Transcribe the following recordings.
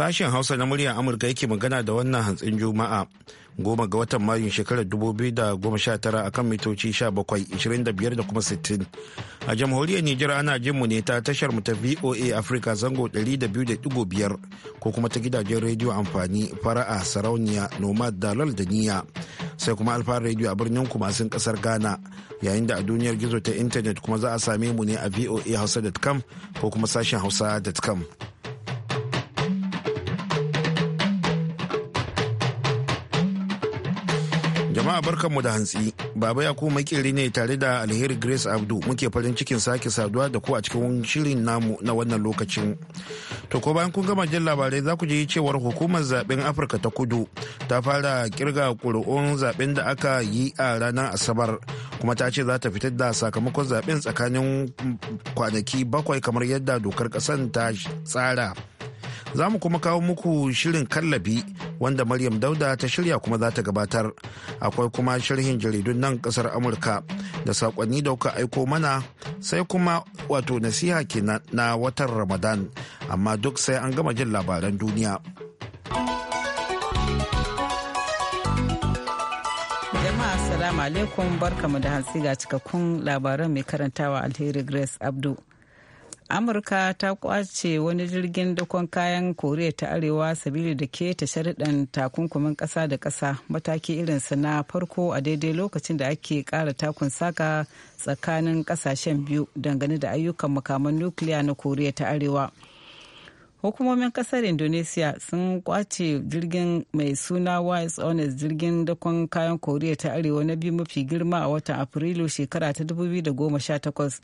Sashen Hausa na muryar Amurka yake magana da wannan hantsin Juma'a goma ga watan Mayu shekarar 2019 akan mitoci 17:25 da kuma 60. A jamhuriyar Nijar ana jin mu ne ta tashar mu ta VOA Africa zango 200.5 ko kuma ta gidajen rediyo amfani fara'a sarauniya nomad dalal da niya sai kuma alfahar rediyo a birnin kumasin kasar Ghana yayin da a duniyar gizo ta intanet kuma za a same mu ne a voa hausa.com ko kuma sashen hausa.com. Jama'a barkanmu da hantsi. Baba ya kuma makiri ne tare da alheri Grace Abdu muke farin cikin sake saduwa da ku a cikin shirin namu na wannan lokacin. To ko bayan kun gama jin labarai za ku ji cewar hukumar zaben Afirka ta Kudu ta fara kirga ƙuri'un zaben da aka yi a ranar Asabar kuma ta ce za ta fitar da sakamakon zaben tsakanin kwanaki bakwai kamar yadda dokar ƙasar ta tsara. Za mu kuma kawo muku shirin kallabi wanda Maryam Dauda ta shirya kuma za ta gabatar. Akwai kuma sharhin jaridun nan kasar Amurka da saƙonni da kuka aiko mana sai kuma wato nasiha kenan na watan Ramadan amma duk sai an gama jin labaran duniya. Jama'a Assalamu alaikum barkamu da hantsi ga cikakkun labaran mai karantawa Alheri Grace Abdu. amurka ta kwace wani jirgin dakon kayan koriya ta arewa sabili da ke ta sharaɗin takunkumin ƙasa da ƙasa mataki irinsa na farko a daidai lokacin da ake ƙara takun saka tsakanin ƙasashen biyu dangane da ayyukan makaman nukiliya na koriya ta arewa hukumomin ƙasar indonesia sun kwace jirgin mai suna wise honest jirgin dakon kayan koriya ta arewa na biyu mafi girma a watan afrilu shekara ta 2018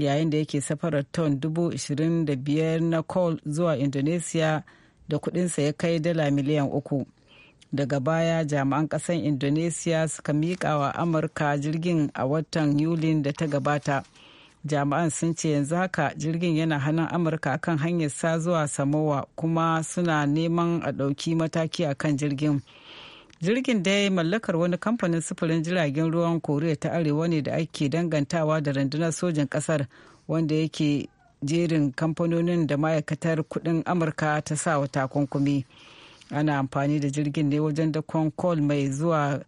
yayin da yake safarar ton 25,000 na coal zuwa indonesia da kudinsa ya kai dala miliyan uku daga baya jami'an kasan indonesia suka miƙa wa amurka jirgin a watan yulin da ta gabata jami'an sun ce yanzu haka jirgin yana hannun amurka kan hanyar sa zuwa samowa kuma suna neman a ɗauki mataki a kan jirgin jirgin da yi mallakar wani kamfanin sufurin jiragen ruwan koriya ta arewa ne da ake dangantawa da rundunar sojin kasar wanda yake jerin kamfanonin da ma'aikatar kudin amurka ta sa wa takunkumi ana amfani da jirgin ne wajen dakon kol mai zuwa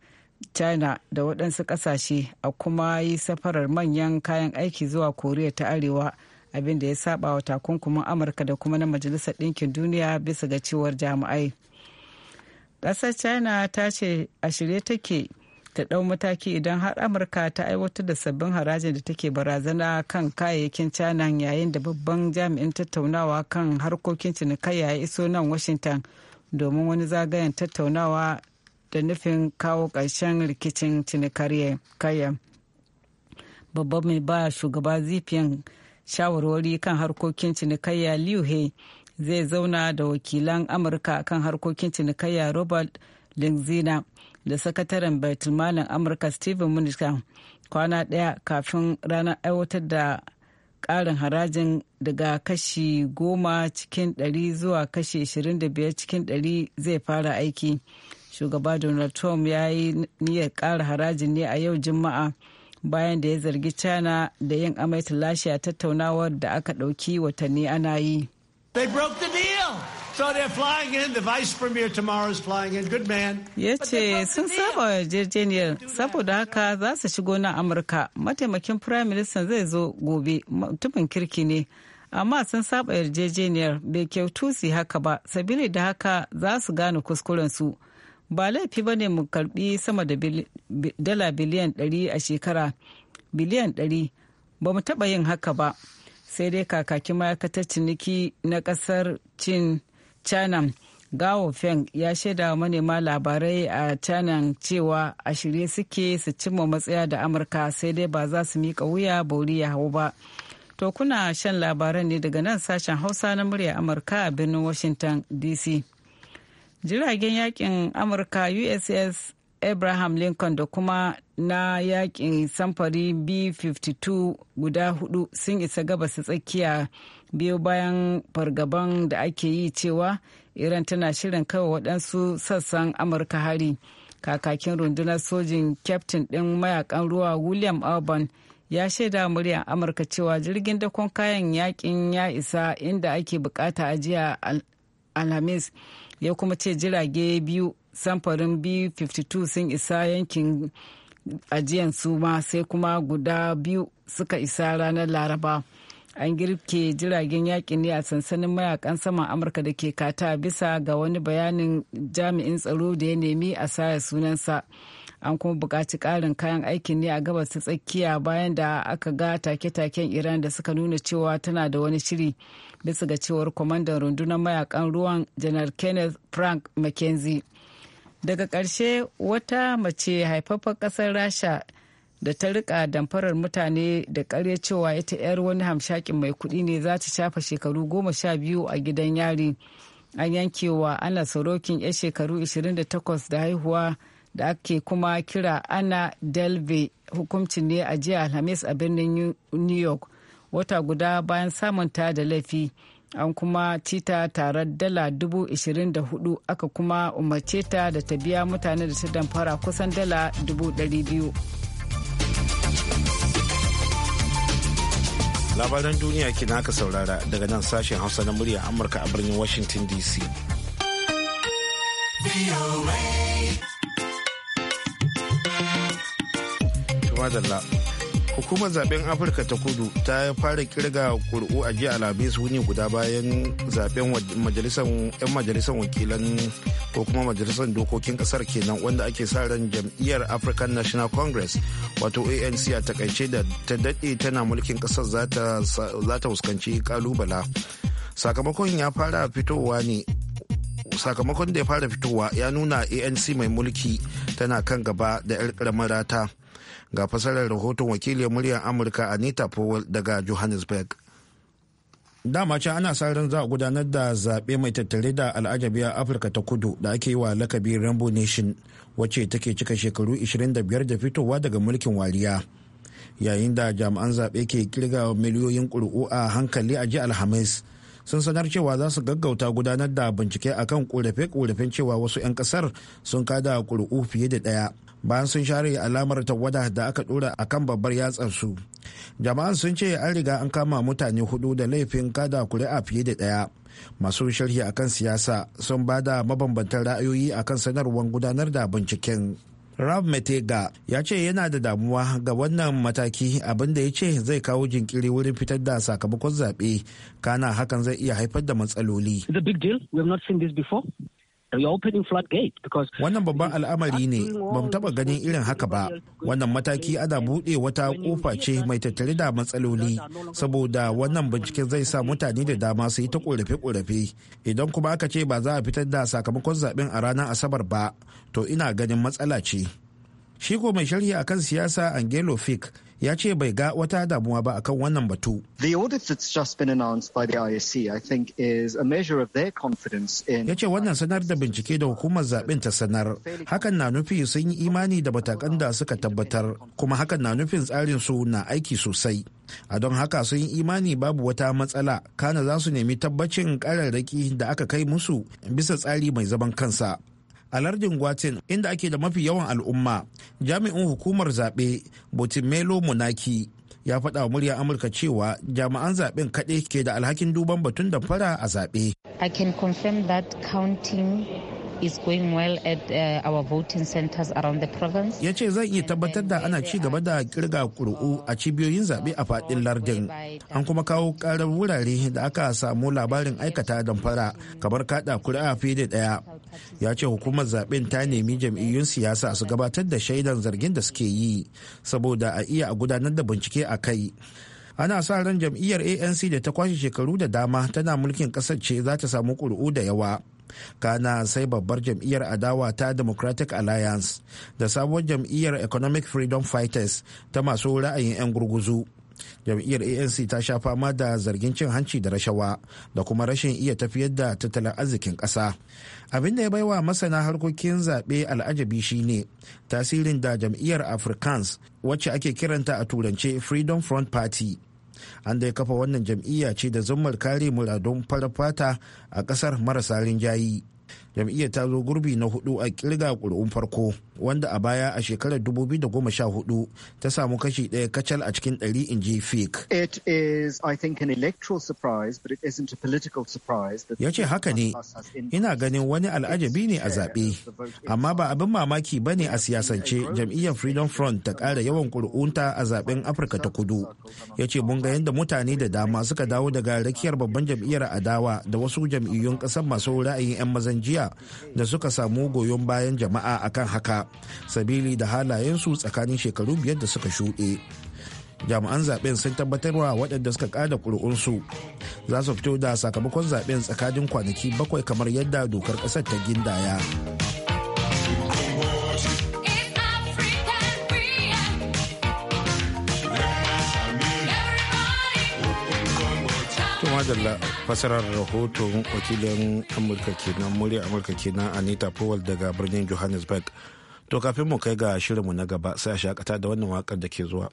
china da waɗansu ƙasashe a kuma yi safarar manyan kayan aiki zuwa koriya ta arewa abinda ya saba wa takunkumin amurka da kuma na majalisar ɗinkin duniya bisa ga cewar jami'ai ƙasar china ta ce a shirye take ta ɗau mataki idan har amurka ta aiwatar da sabbin harajin da take barazana kan kayayyakin china yayin da babban jami'in tattaunawa kan harkokin cinikayya ya iso nan washington domin wani zagayen tattaunawa da nufin kawo ƙarshen rikicin cinikayya babban mai ba shugaba zifin shawarwari kan harkokin cinikayya liu he zai zauna da wakilan amurka kan harkokin cinikayya robert linzina da sakataren baitulmalin amurka steven mnuchin kwana daya kafin ranar aiwatar da karin harajin daga kashi goma cikin dari zuwa kashi 25 cikin dari zai fara aiki shugaba donald trump ya yi niyyar kara harajin ne a yau juma'a bayan da ya zargi china da yin amai lashe a tattaunawar da aka ɗauki watanni ana yi Ya ce sun saba yarjejeniyar saboda haka za su shigo na Amurka. Mataimakin Prime Minister zai zo gobe mutumin kirki ne. Amma sun saba yarjejeniyar bai kyautu su haka ba, sabili da haka za su gane kuskurensu. Ba laifi ba ne mu karbi sama da dala biliyan 100 a shekara. Biliyan 100 ba mu taɓa yin haka ba. sai dai kakakin ma'aikatar ciniki na kasar cin china gawo feng ya shaida manema labarai a china cewa a shirye suke su cimma matsaya da amurka sai dai ba za su miƙa wuya bauri ya hau ba to kuna shan labaran ne daga nan sashen hausa na murya amurka a birnin washington dc jiragen yakin amurka uss abraham lincoln da kuma na yakin samfari b-52 guda hudu sun isa gabas tsakiya biyu bayan fargaban da ake yi cewa iran tana shirin kai waɗansu sassan amurka hari kakakin rundunar sojin kyaftin ɗin mayakan ruwa william auburn ya shaida murya amurka cewa jirgin dakon kayan yakin ya isa inda ake bukata ajiya alhamis ya kuma ce jirage biyu samfarin b-52 sun isa yankin ajiyan su ma sai kuma guda biyu suka isa ranar laraba an girke jiragen yaƙi ne a sansanin mayakan saman amurka da ke kata bisa ga wani bayanin jami'in tsaro da ya nemi a saya sunansa an kuma buƙaci ƙarin kayan aikin ne a gabas ta tsakiya bayan da aka ga take-taken iran da suka nuna cewa tana da wani shiri bisa ga cewar kwamandan rundunar mayakan ruwan janar kenneth frank mckenzie daga ƙarshe wata mace haifaffen ƙasar rasha da ta rika damfarar mutane da ƙarya cewa ita 'yar wani hamshakin mai kuɗi ne za ta shafa shekaru goma sha biyu a gidan yari an yankewa ana sorokin 'yar shekaru 28 da haihuwa da ake kuma kira ana delve hukuncin ne a jiya alhamis a birnin new york wata guda bayan samunta da laifi an kuma ci ta tarar dala dubu ishirin da hudu aka kuma umarce ta da ta biya mutane da ta damfara kusan dala dubu dari biyu. labaran duniya ke aka saurara daga nan sashen hausa na murya amurka a birnin washington dc hukumar zaben afirka ta kudu ta fara kirga kuri'u a jiya alhamis wuni guda bayan zaben yan majalisar wakilan ko kuma majalisar dokokin kasar kenan wanda ake sa ran jam'iyyar african national congress wato anc a takaice da ta daɗe tana mulkin kasar za ta fuskanci kalubala sakamakon ya fara fitowa ne sakamakon da ya fara fitowa ya nuna anc mai mulki tana kan gaba da 'yar ƙaramar rata ga fasarar rahoton wakiliyar muryar amurka anita powell daga johannesburg dama can ana sa ran za a gudanar da zaɓe mai tattare da al'ajabi a afirka ta kudu da ake yi wa lakabi rainbow nation wacce take cika shekaru 25 da fitowa daga mulkin wariya yayin da jami'an zaɓe ke kirga miliyoyin ƙuri'u a hankali a ji alhamis sun sanar cewa za su gaggauta gudanar da bincike akan ƙorafe-ƙorafen cewa wasu 'yan ƙasar sun kada ƙuri'u fiye da ɗaya bayan sun share alamar tawada da aka dora a kan babbar yatsarsu jama'an sun ce an riga an kama mutane hudu da laifin kada kuri'a fiye da daya masu sharhi akan siyasa sun ba da mabambantan ra'ayoyi akan sanarwar gudanar da binciken rav Metega ya ce yana da damuwa ga wannan mataki abinda ya ce zai kawo jinkiri wurin fitar da sakamakon zaɓe kana hakan zai iya haifar da matsaloli. reopening floodgate because wannan babban al'amari ne ba mu taba ganin irin haka ba wannan mataki ana buɗe wata kofa ce mai tattare da matsaloli saboda wannan binciken zai sa mutane da dama su yi ta korafe-korafe idan kuma aka ce ba za a fitar da sakamakon zaben a ranar asabar ba to ina ganin matsala ce Shiko mai sharhi akan siyasa angelo fick ya ce bai ga wata damuwa ba akan wannan batu. The audit that's just been announced by the ISC I think is a measure of their confidence in Ya ce wannan sanar da bincike da hukumar zaben ta sanar hakan na nufi sun yi imani da matakan da suka tabbatar kuma hakan na nufin tsarin su na aiki sosai. A don haka sun yi imani babu wata matsala kana za su nemi tabbacin kararraki da aka kai musu bisa tsari mai zaman kansa. a lardin gwatin inda ake da mafi yawan al'umma jami'in hukumar zaɓe botimelo munaki ya faɗa wa murya amurka cewa jami'an zaɓen kaɗai ke da alhakin duban batun da fara a zaɓe i can confirm that is going well at uh, our voting centers around the province. Ya ce zan iya tabbatar da ana ci gaba da kirga kuri'u a cibiyoyin zaɓe a faɗin lardin. An kuma kawo ƙarar wurare da aka samu labarin aikata damfara kamar kaɗa kuri'a fiye da ɗaya. Ya ce hukumar zaɓen ta nemi jam'iyyun siyasa su gabatar da shaidan zargin da suke yi saboda a iya a gudanar da bincike a kai. ana sa ran jam'iyyar anc da ta kwashe shekaru da dama tana mulkin kasar ce za ta samu ƙuri'u da yawa kana sai babbar jam'iyyar adawa ta democratic alliance da sabuwar jam'iyyar economic freedom fighters ta masu ra'ayin 'yan gurguzu jam'iyyar anc ta sha fama da zargin cin hanci da rashawa da kuma rashin iya tafiyar da tattalin arzikin ƙasa abin da ya baiwa masana harkokin zaɓe al'ajabi shine tasirin da jam'iyyar afrikaans wacce ake kiranta a turance freedom front party an dai kafa wannan jam'iyya ce da zummar kare muradun farfata a kasar marasa rinjayi jam'iyyar ta zo gurbi na hudu a kirga ƙuri'un farko wanda a baya a shekarar 2014 ta samu kashi ɗaya kacal a cikin ɗari in ji fik ya ce haka ne ina ganin wani al'ajabi ne a zaɓe amma ba abin mamaki ba ne a siyasance jam'iyyar freedom front ta ƙara yawan ƙuri'unta a zaɓen afirka ta kudu ya ce mun ga yadda mutane da dama suka dawo daga rakiyar babban jam'iyyar adawa da wasu jam'iyyun ƙasar masu ra'ayin 'yan mazan jiya da suka samu goyon bayan jama'a akan haka sabili da halayensu tsakanin shekaru biyar da suka shuɗe jami'an zaben sun tabbatarwa waɗanda suka kada ƙuri'unsu za su fito da sakamakon zaben tsakanin kwanaki bakwai kamar yadda dokar ƙasar ta gindaya. madalla fasarar rahoton wakilin amurka kenan murya amurka kenan anita powell daga birnin johannesburg To kafin mu kai ga shirinmu na gaba sai a shakata da wannan wakar da ke zuwa.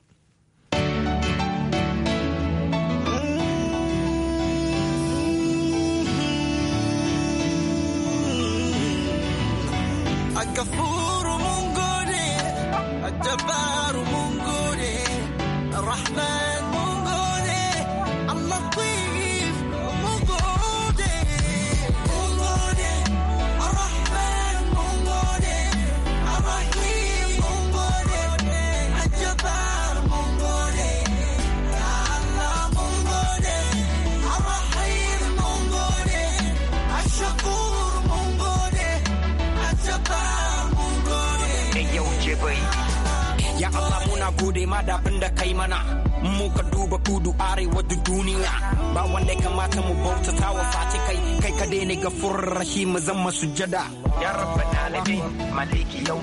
kai mana mu ka duba kudu arewa da duniya ba wanda kamata mu bautata wa face kai kai ka daina ga furrashi mu zan masu jada ya rabba dalibi maliki yau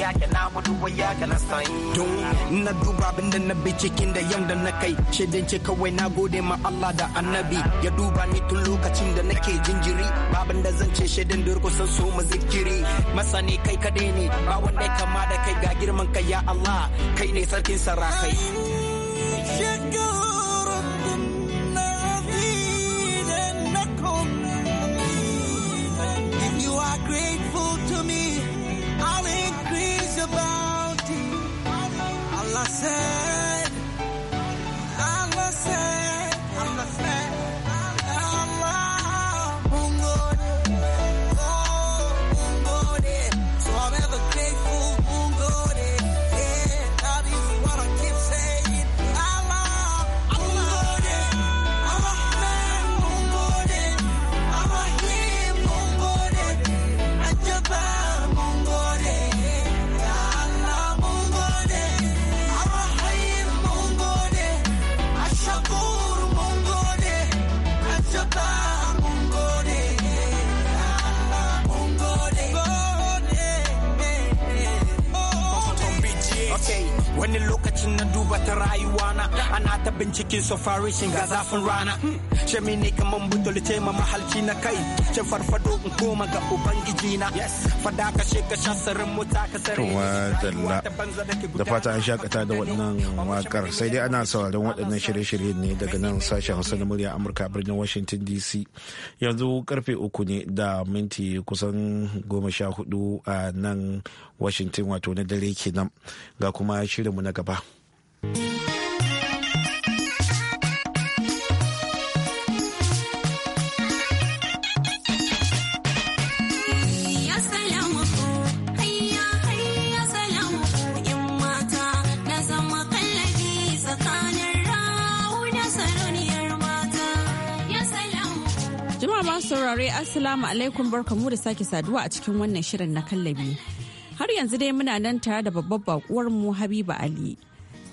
ya ka namudu wa ya ka nasta'in don na duba abin da na cikin da yam da na kai shaidan ce kawai na gode ma Allah da annabi ya duba ni tun lokacin da nake jinjiri babin da zan ce shaidan durkusan so mu zikiri masani kai ka daina ba wanda kama da kai girman ya Allah kai ne sarkin sarakai. wani lokaci lokacin na duba ta rayuwa na ana ta bincike so ga zafin rana ce hmm. ne kaman butulce ma mahalci na kai ce farfado in koma ga ubangiji na fada ka she ka shasarin muta ka sare da fata an shakata da wannan wakar sai dai ana sauraron waɗannan shirye-shirye ne daga nan sashen hausa na murya amurka birnin washington dc yanzu karfe uku ne da minti kusan goma sha hudu a nan washington wato na dare kenan ga kuma shirinmu na gaba saurare assalamu alaikum barkamu da sake saduwa a cikin wannan shirin na kallabi har yanzu dai muna nan tare da babbar bakuwar mu habiba ali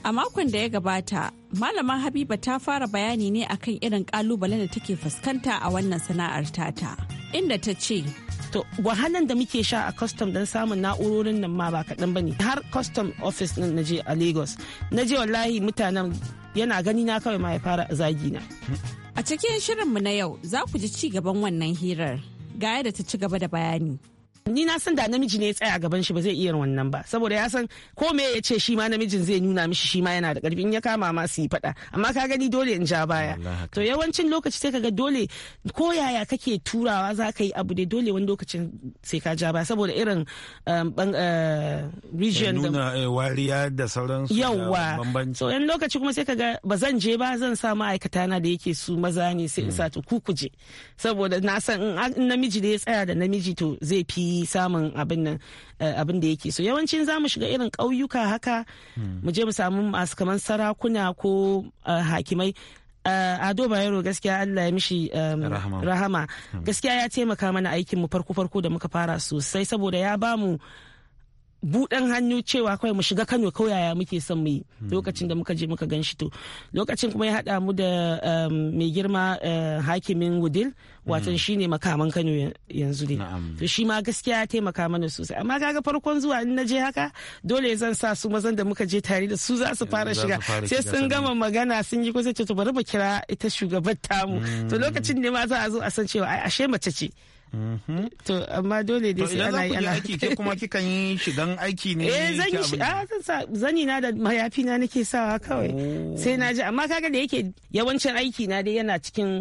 A makon da ya gabata, Malama Habiba ta fara bayani ne akan irin kalubalen da take fuskanta a wannan sana'ar tata, inda ta ce, To, wahalan da muke sha a custom don samun na'urorin nan ma ba kaɗan ba ne. Har custom office nan na je a Lagos. Na je wallahi mutanen yana gani na kawai ma ya fara zagi na. A cikin shirinmu na yau za ku ji ci gaban wannan hirar. Ga yadda ta ci gaba da bayani. ni na san da namiji ne ya tsaya gaban shi ba zai iya wannan ba saboda ya san ko me ya ce shi ma namijin zai nuna mishi shi ma yana da karfi in ya kama ma su yi fada amma ka gani dole in ja baya to yawancin lokaci sai kaga dole ko yaya kake turawa za ka yi abu da dole wani lokacin sai ka ja baya saboda irin um, uh, region da nuna eh, wariya da sauransu yawa so yan lokaci kuma sai kaga ba zan je ba zan sa ma'aikata na da yake su maza ne sai in sa hmm. to ku kuje saboda na san in namiji da ya tsaya da namiji to zai fi yi samun eh, abin da yake so yawancin za mu shiga irin ƙauyuka haka hmm. mu je mu samu masu kamar sarakuna ko eh, hakimai eh, ado bayero gaskiya allah ya mishi ehm, rahama hmm. gaskiya ya taimaka mana aikin mu farko-farko da muka fara sosai saboda ya bamu buɗan hannu cewa kawai mu shiga kano kawai yaya muke son mu yi hmm. lokacin da muka je muka gan shi to lokacin kuma ya haɗa mu da um, mai girma uh, hakimin wudil watan hmm. shi ne makaman kano yanzu ne to shi ma gaskiya ya taimaka mana sosai amma kaga farkon zuwa in na je haka dole zan sa su mazan da muka je tare da su za su fara shiga sai sun gama magana sun yi kusa ce to bari mu kira ita shugabar mu to hmm. lokacin ne ma za a zo a san cewa ai ashe mace ce Mm-hmm. To amma dole dai sai ana yi ana. aiki ke kuma kikan yi shigan aiki ne. Eh zan yi a ah, zan sa zani na da mayafi na nake sawa kawai. Oh. Sai na ji amma kaga da yake yawancin aiki na dai yana cikin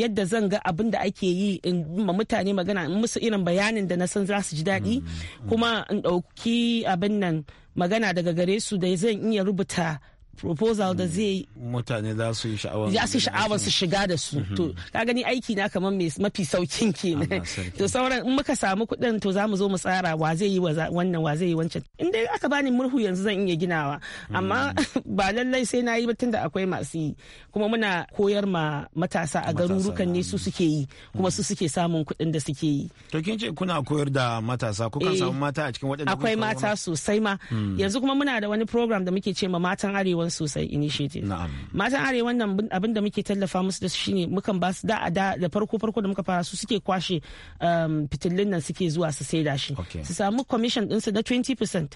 yadda zan ga abin da ake yi in ma mutane magana in musu irin bayanin da na san za su ji daɗi mm-hmm. kuma in ɗauki abin nan magana daga gare su da zan iya rubuta proposal da zai mutane za su yi sha'awar za su sha'awar su shiga da su to ka gani aiki na kamar mafi saukin kenan to sauran in muka samu kuɗin to za mu zo mu tsara wa zai yi wannan wa zai yi wancan in dai aka bani murhu yanzu zan iya ginawa amma hmm. ba lallai sai na yi ba tunda akwai masu yi kuma muna koyar ma matasa a garurukan ne su suke yi kuma hmm. su suke samun kuɗin da suke yi to kin ce kuna koyar da matasa kan eh, samu mata a cikin waɗanda akwai mata sosai ma hmm. yanzu kuma muna da wani program da muke ce ma matan arewa arewan sosai initiative matan arewan nan abin da muke tallafa musu da su shine mukan ba su da da farko farko da muka fara su suke kwashe um, fitilun nan suke zuwa su da shi su samu commission din su na 20%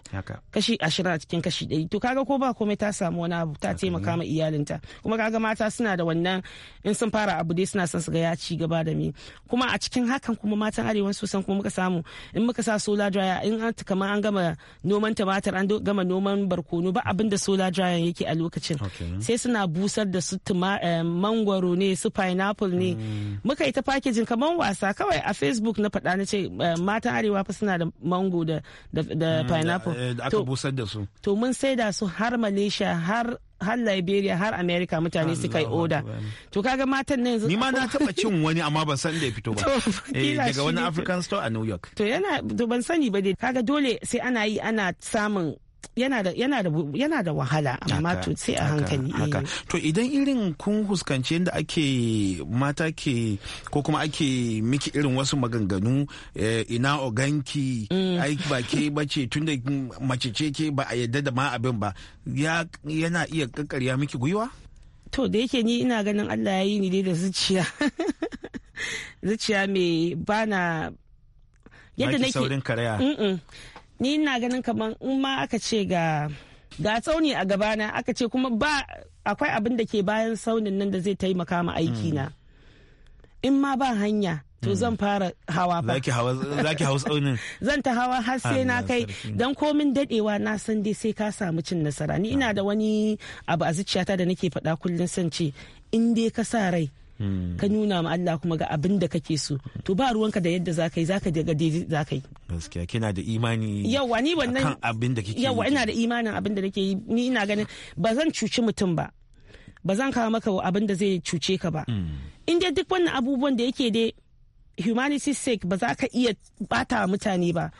kashi 20 a cikin kashi 100 to kaga ko ba komai ta samu wani abu ta taimaka ma iyalinta kuma kaga mata suna da wannan in sun fara abu dai suna son su ga ya ci gaba da mi kuma a cikin hakan kuma matan arewa sosan kuma muka samu in muka sa solar dryer in an kamar an gama noman tumatir an gama noman barkono ba abin da solar dryer aiki a lokacin sai suna busar da su eh, mangwaro ne su pineapple ne mm. muka yi ta packaging kamar wasa kawai a facebook na faɗa na ce eh, matan arewa fa suna da mango da mm, pineapple eh, aka busar da su to mun sai da su har malaysia har har liberia har america mutane suka yi oda to kaga matan ne yanzu ma na taba cin wani amma ban san da ya fito ba daga wani african store a new york to yana to ban sani ba dai kaga dole sai ana yi ana samun yana da wahala amma to sai a hankali eh. to idan irin kun huskanci yadda ake mata ke ko kuma ake miki irin wasu maganganu eh, ina oganki mm. ai ba ke bace tunda mace ce ke ba a yadda da ma abin ba yana iya kakkarya miki gwiwa to da yake ni ina ganin Allah ya yi ni dai da zuciya zuciya mai bana yadda nake saurin karaya ni ina ganin kamar in ma aka ce ga ga tsauni a gabana aka ce kuma ba akwai abin da ke bayan saunin nan da zai taimaka ma aiki na mm. in ma ba hanya to mm. zan fara hawa ba zaki hawa tsaunin zan ta hawa har sai na kai don komin dadewa na san dai sai ka samu cin nasara ni ina ah. da wani abu a zuciyata da nake faɗa kullun san ce in dai ka sa rai Hmm. ka nuna ma Allah kuma ga abin da kake so to ba ruwanka da yadda za ka yi za ka daga daidai za ka yi gaskiya kina da imani yawa ni wannan abin da kike yawa ina da imanin abin da nake yi ni ina ganin ba zan cuci mutum ba ba zan kawo maka abin da zai cuce ka ba hmm. in dai duk wannan abubuwan da yake dai humanity sake ba za ka iya bata mutane ba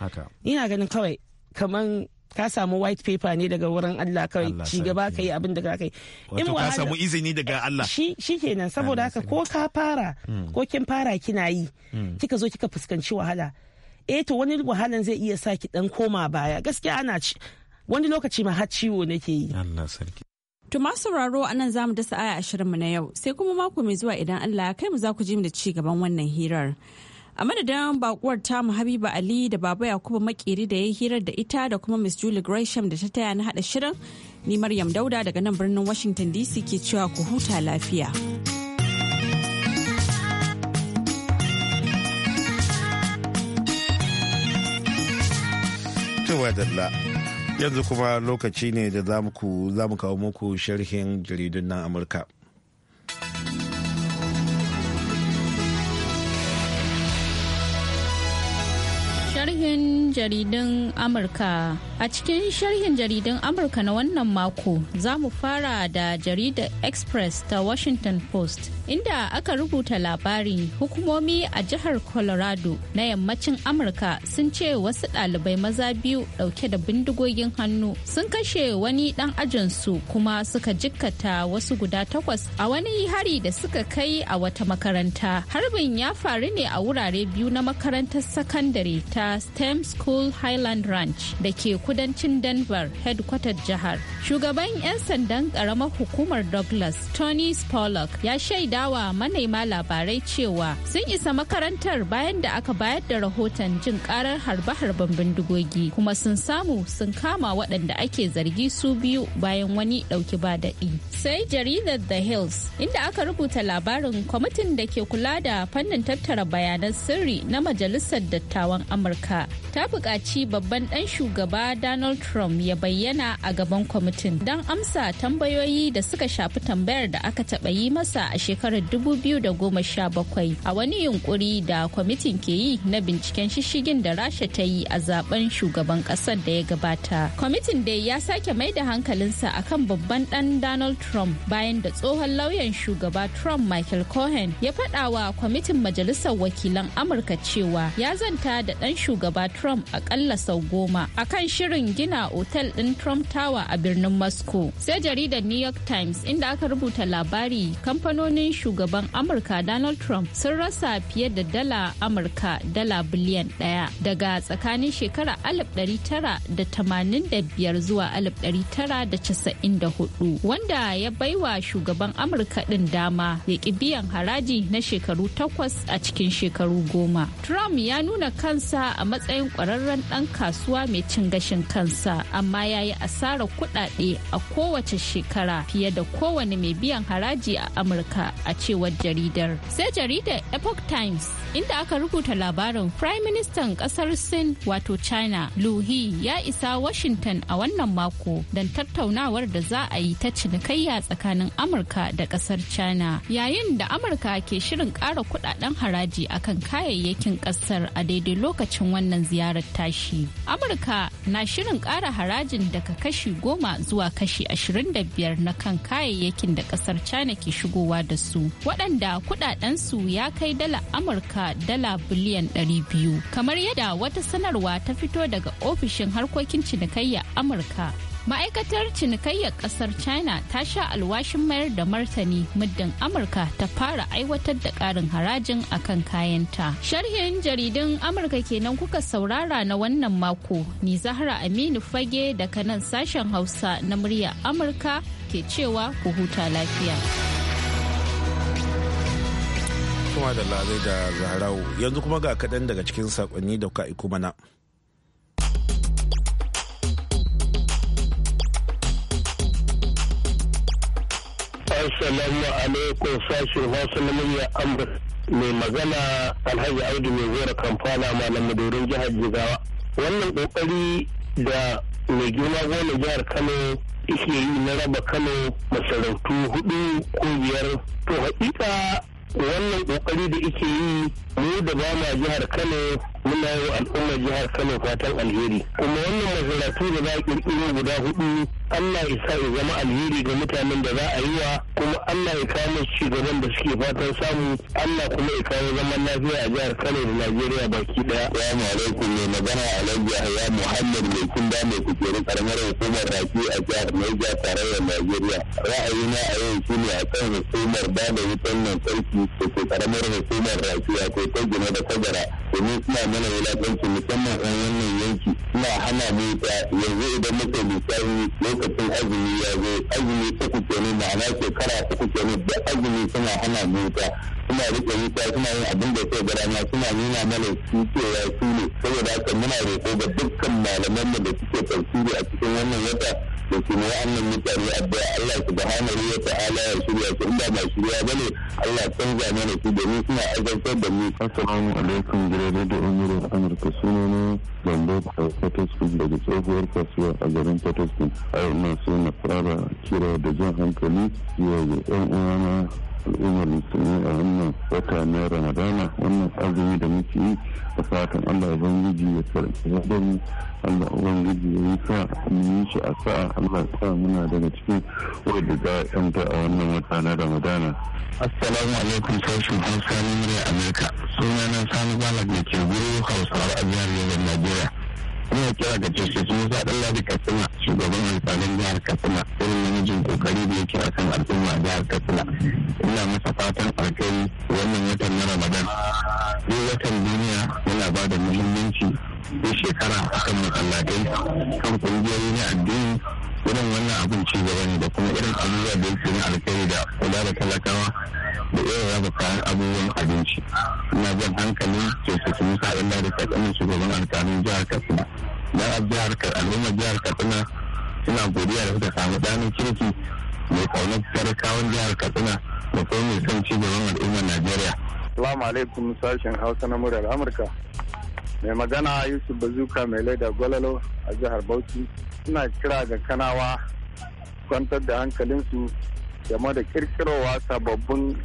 ina ganin kawai kaman ka samu white paper ne daga wurin Allah kawai ci gaba ka yi abin da ka kai in ka samu izini daga Allah shi kenan saboda haka ko ka fara hmm. ko kin fara kina yi hmm. kika zo kika fuskanci wahala eh to wani wahalan zai iya saki dan koma baya gaskiya ana wani lokaci ma har ciwo nake yi Allah sarki To masu sauraro a nan zamu dasa aya ashirin mu na yau sai kuma mako mai zuwa idan Allah ya kai mu za ku ji mu da ci gaban wannan hirar. a madadin bakuwar tamu habiba ali da baba yakubu makeri da ya hirar da ita da kuma miss julie gresham da ta taya na hada shirin ni maryam dauda daga nan birnin washington dc ke cewa ku huta lafiya. yanzu kuma lokaci ne da zamu kawo muku sharhin jaridun nan amurka sharhin jaridan Amurka. A cikin sharhin jaridan Amurka na wannan mako za mu fara da jaridar Express ta Washington Post inda aka rubuta labari hukumomi a jihar Colorado na yammacin Amurka sun ce wasu ɗalibai maza biyu ɗauke da bindigogin hannu sun kashe wani ɗan ajinsu kuma suka jikkata wasu guda takwas a wani hari da suka kai a wata makaranta. Harbin ya faru ne a wurare biyu na makarantar sakandare ta STEM School Highland Ranch da ke kudancin Denver, headquarter jihar. Shugaban 'yan sandan karamar hukumar Douglas, Tony Spolak, ya shaidawa manema labarai cewa sun isa makarantar bayan da aka bayar da rahoton jin karar harbe-harben bindigogi kuma sun samu sun kama waɗanda ake zargi su biyu bayan wani ɗauki ba daɗi. Sai jaridar The Hills, inda aka rubuta labarin kwamitin da ke kula da fannin tattara bayanan sirri na Majalisar Dattawan Amurka. amurka ta buƙaci babban ɗan shugaba donald trump ya bayyana a gaban kwamitin don amsa tambayoyi da suka shafi tambayar da aka taɓa yi masa a shekarar 2017 a wani yunkuri da kwamitin ke yi na binciken shishigin da rasha ta yi a zaben shugaban ƙasar da ya gabata kwamitin dai ya sake mai da hankalinsa kan babban ɗan donald trump bayan da tsohon lauyan shugaba trump michael cohen ya faɗa kwamitin majalisar wakilan amurka cewa ya zanta da ɗan shugaba shugaba Trump akalla sau goma a kan shirin gina otel ɗin Trump Tower a birnin Moscow. Sai jaridar New York Times inda aka rubuta labari kamfanonin shugaban Amurka Donald Trump sun rasa fiye da dala Amurka dala biliyan ɗaya daga tsakanin shekara 1985 zuwa 1994 wanda ya baiwa shugaban Amurka ɗin dama ya ƙi biyan haraji na shekaru takwas a cikin shekaru goma. Trump ya nuna kansa a matsayin kwararren ɗan kasuwa mai cin gashin kansa amma ya yi asarar kuɗaɗe a kowace shekara fiye da kowane mai biyan haraji a amurka a cewar jaridar sai jaridar epoch times inda aka rubuta labarin prime ministan ƙasar sin wato china lu ya isa washington a wannan mako don tattaunawar da za a yi ta cinikayya tsakanin amurka da ƙasar china yayin da amurka ke shirin ƙara kuɗaɗen haraji akan kayayyakin ƙasar a daidai lokacin lokacin wannan ziyarar tashi. Amurka na shirin ƙara harajin daga kashi goma zuwa kashi ashirin da biyar na kan kayayyakin da ƙasar China ke shigowa da su, waɗanda kuɗaɗensu ya kai dala Amurka dala biliyan ɗari biyu, kamar yadda wata sanarwa ta fito daga ofishin harkokin cinikayya Amurka. ma'aikatar cinikayyar kasar china ta sha alwashin mayar da martani muddin amurka ta fara aiwatar da karin harajin akan kayanta sharhin jaridun amurka kenan kuka saurara na wannan mako ni zahra aminu fage daga nan sashen hausa na murya amurka ke cewa ku huta lafiya kuma da lazai da zahrau yanzu kuma ga kaɗan daga cikin saƙonni da kuka mana Assalamu alaikum sashen Hausa na murya Mai magana Alhaji Audu mai zora kamfana malam Madorin jihar Jigawa. Wannan ƙoƙari da mai girma gona jihar Kano yake yi na raba Kano masarautu hudu ko biyar. To hakika wannan ƙoƙari da yake yi mu da ba ma jihar Kano muna yi wa al'ummar jihar kano fatan alheri kuma wannan masarautu da za a kirkiro guda hudu allah ya sa ya zama alheri ga mutanen da za a yi wa kuma allah ya kawo ci gaban da suke fatan samu allah kuma ya kawo zaman lafiya a jihar kano da najeriya baki daya salamu alaikum mai magana alhaji ya muhammad mai kunda mai kujerun karamar hukumar raki a jihar naija tarayyar najeriya ra'ayina a yau shine a kan hukumar ba da wutan lantarki da ke karamar hukumar rafi a ko ta gina da kwagara domin suna mana wulaƙanci musamman a wannan yanki suna hana mu ta yanzu idan muka lissafi lokacin azumi ya zo azumi uku kenan ma'ana shekara uku kenan da azumi suna hana mu ta suna rike wuta suna yin abin da ke gara suna nuna mana su cewa su ne saboda haka muna roƙo ga dukkan malaman mu da suke tafsiri a cikin wannan wata da kuma wa'annan mutane addu'a Allah subhanahu wa ta'ala ya shirya su inda ba shirya ne Allah canza mana su domin suna azabtar da mu assalamu alaikum gidan da umurin Amurka sunana Bambo Fatosku daga tsohuwar kasuwa a garin Fatosku a na so na fara kira da jan hankali zuwa ga 'yan uwana al'ummar musulmi a wannan wata na ramadana wannan azumi da muke yi da fatan allah ubangiji ya karɓi mu allah ubangiji ya yi sa mu shi a sa'a allah ya sa muna daga cikin wadda za a yanta a wannan wata na ramadana assalamu alaikum sashen hausa na murya amurka sunana sani balak da ke guru hausawa a jihar yau najeriya ina kira ga jirgin sun sa dan ladi katsina shugaban alfanin jihar katsina irin namijin kokari da yake a kan al'umma jihar katsina ina masa fatan alkhairi wannan watan na ramadan duk watan duniya yana ba da muhimmanci ko shekara akan masallatai kan kungiyoyi na addini irin wannan abin ci gaba ne da kuma irin abubuwa da yake na alkhairi da kula da talakawa yawan raba kayan abubuwan abinci ina jan hankalin ke su su musa illa da tsakanin shugaban alkalin jihar katsina dan jihar al'ummar jihar katsina suna godiya da suka samu kirki mai kaunar talakawan jihar katsina da kuma mai son cigaban al'ummar najeriya Salamu alaikum sashen Hausa na murar Amurka. Mai magana Yusuf Bazuka mai laida gwalalo a jihar Bauchi. Suna kira ga kanawa kwantar da hankalinsu game da kirkirowa sababbin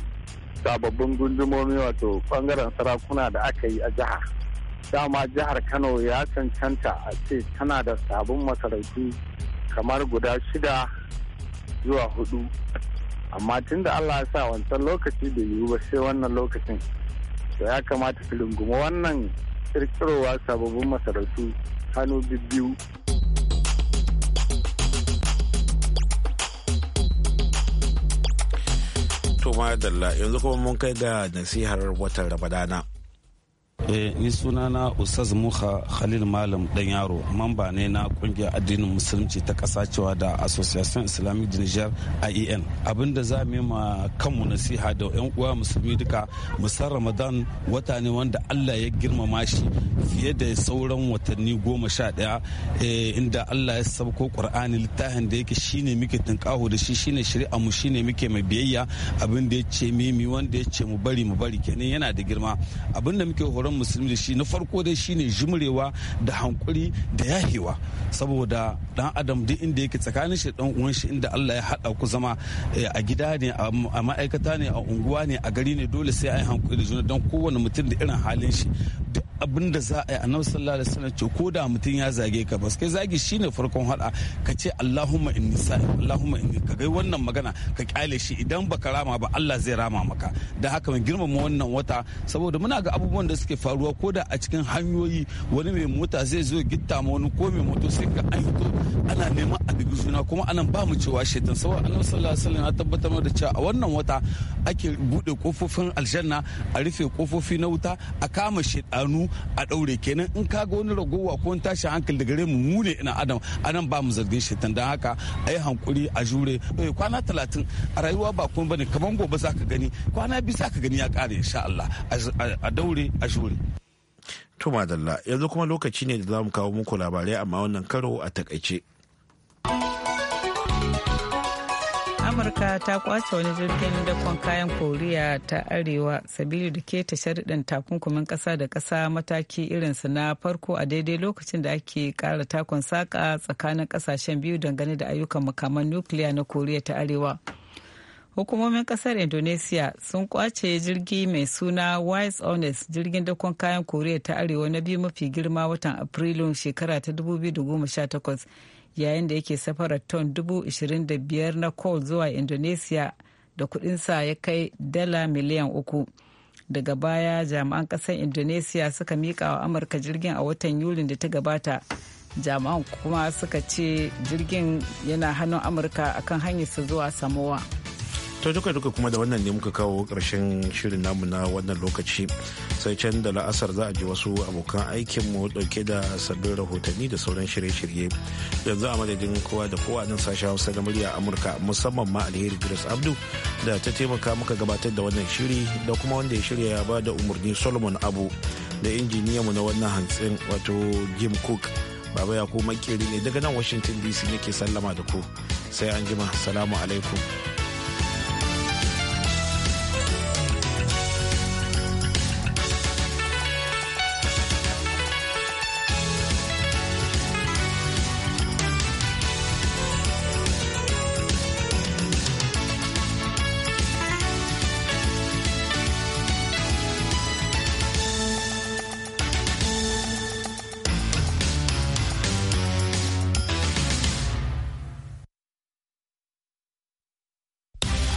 sababbin gundumomi wato bangaren sarakuna da aka yi a jihar dama jihar kano ya cancanta a ce tana da sabon masarautu kamar guda shida zuwa hudu amma tun da allah ya sa wancan lokaci da yiwu ba sai wannan lokacin to ya kamata su rungumi wannan kirkirowa sababbin masarautu hannu biyu To ma yanzu kuma mun kai ga nasihar watan Ramadana. Eh, ni suna na usaz muha khalil malam dan yaro mamba ne na kungiyar addinin musulunci ta kasa cewa da association islamic de niger ien abinda za mu ma kanmu nasiha da yan uwa musulmi duka musar ramadan wata ne wanda allah ya girmama shi fiye da sauran watanni goma sha daya eh, inda allah ya sabko qur'ani littafin da yake shine muke tunkaho da shi shine shari'a mu shine muke mai biyayya abin da ya ce mimi wanda ya ce mu bari mu bari kenan yana da girma abinda muke horon musulmi da shi na farko dai shine jimrewa da hankuri da yahewa saboda dan adam duk inda yake tsakanin shi dan uwan shi inda Allah ya hada ku zama eh, a gida ne a ma'aikata ne a unguwa ne a gari ne dole sai yi hankuri da juna dan kowane mutum da irin halin shi duk abin da za a yi annabi sallallahu alaihi wasallam ce ko da mutum ya zage ka ba kai zagi shine farkon hada ka ce Allahumma inni sa'i Allahumma inni ka gai wannan magana ka kyale shi idan baka rama ba Allah zai rama maka da haka mun girmama wannan wata saboda muna ga abubuwan da suke faruwa ko da a cikin hanyoyi wani mai mota zai zo gitta ma wani ko mai moto sai ka an ana neman a dubi juna kuma anan ba mu cewa shaitan saboda annabi sallallahu alaihi wasallam ya tabbatar da cewa a wannan wata ake bude kofofin aljanna a rufe kofofi na wuta a kama shaitanu a ɗaure kenan in ka ga wani ragowa ko wani tashin hankali da gare mu mu ne ina adam anan ba mu zargin shaitan da haka a yi hankuri a jure eh, kwana talatin a rayuwa ba kuma bane kamar gobe za ka gani kwana biyu za ka gani ya ƙare insha Allah a daure a jure. To madalla yanzu kuma lokaci ne da za mu kawo muku labarai amma wannan karo a takaice. amurka ta kwace wani jirgin dakon kayan koriya ta arewa sabili da keta sharuɗin takunkumin kasa da kasa mataki irinsu na farko a daidai lokacin da ake kara takon saƙa tsakanin kasashen biyu dangane da ayyukan makaman nukiliya na koriya ta arewa hukumomin kasar indonesia sun kwace jirgi mai suna wise honest jirgin dakon kayan koriya ta arewa na biyu mafi girma watan afrilun shekara ta 2018 yayin da yake safarar ton 25,000 na coal zuwa indonesia da kudinsa ya kai dala miliyan uku daga baya jami'an kasar indonesia suka mika wa amurka jirgin a watan yulin da ta gabata jami'an kuma suka ce jirgin yana hannun amurka akan hanyarsa zuwa samowa to duka duka kuma da wannan ne muka kawo karshen shirin namu na wannan lokaci sai can da la'asar za a ji wasu abokan aikinmu dauke da sabbin rahotanni da sauran shirye-shirye yanzu a madadin kowa da kowa nan sashen hausa da murya amurka musamman ma alheri grace abdu da ta taimaka muka gabatar da wannan shiri da kuma wanda ya shirya ya ba da umarni solomon abu da injiniyanmu na wannan hantsin wato jim cook baba ya ko makeri ne daga nan washington dc nake sallama da ku sai an jima salamu alaikum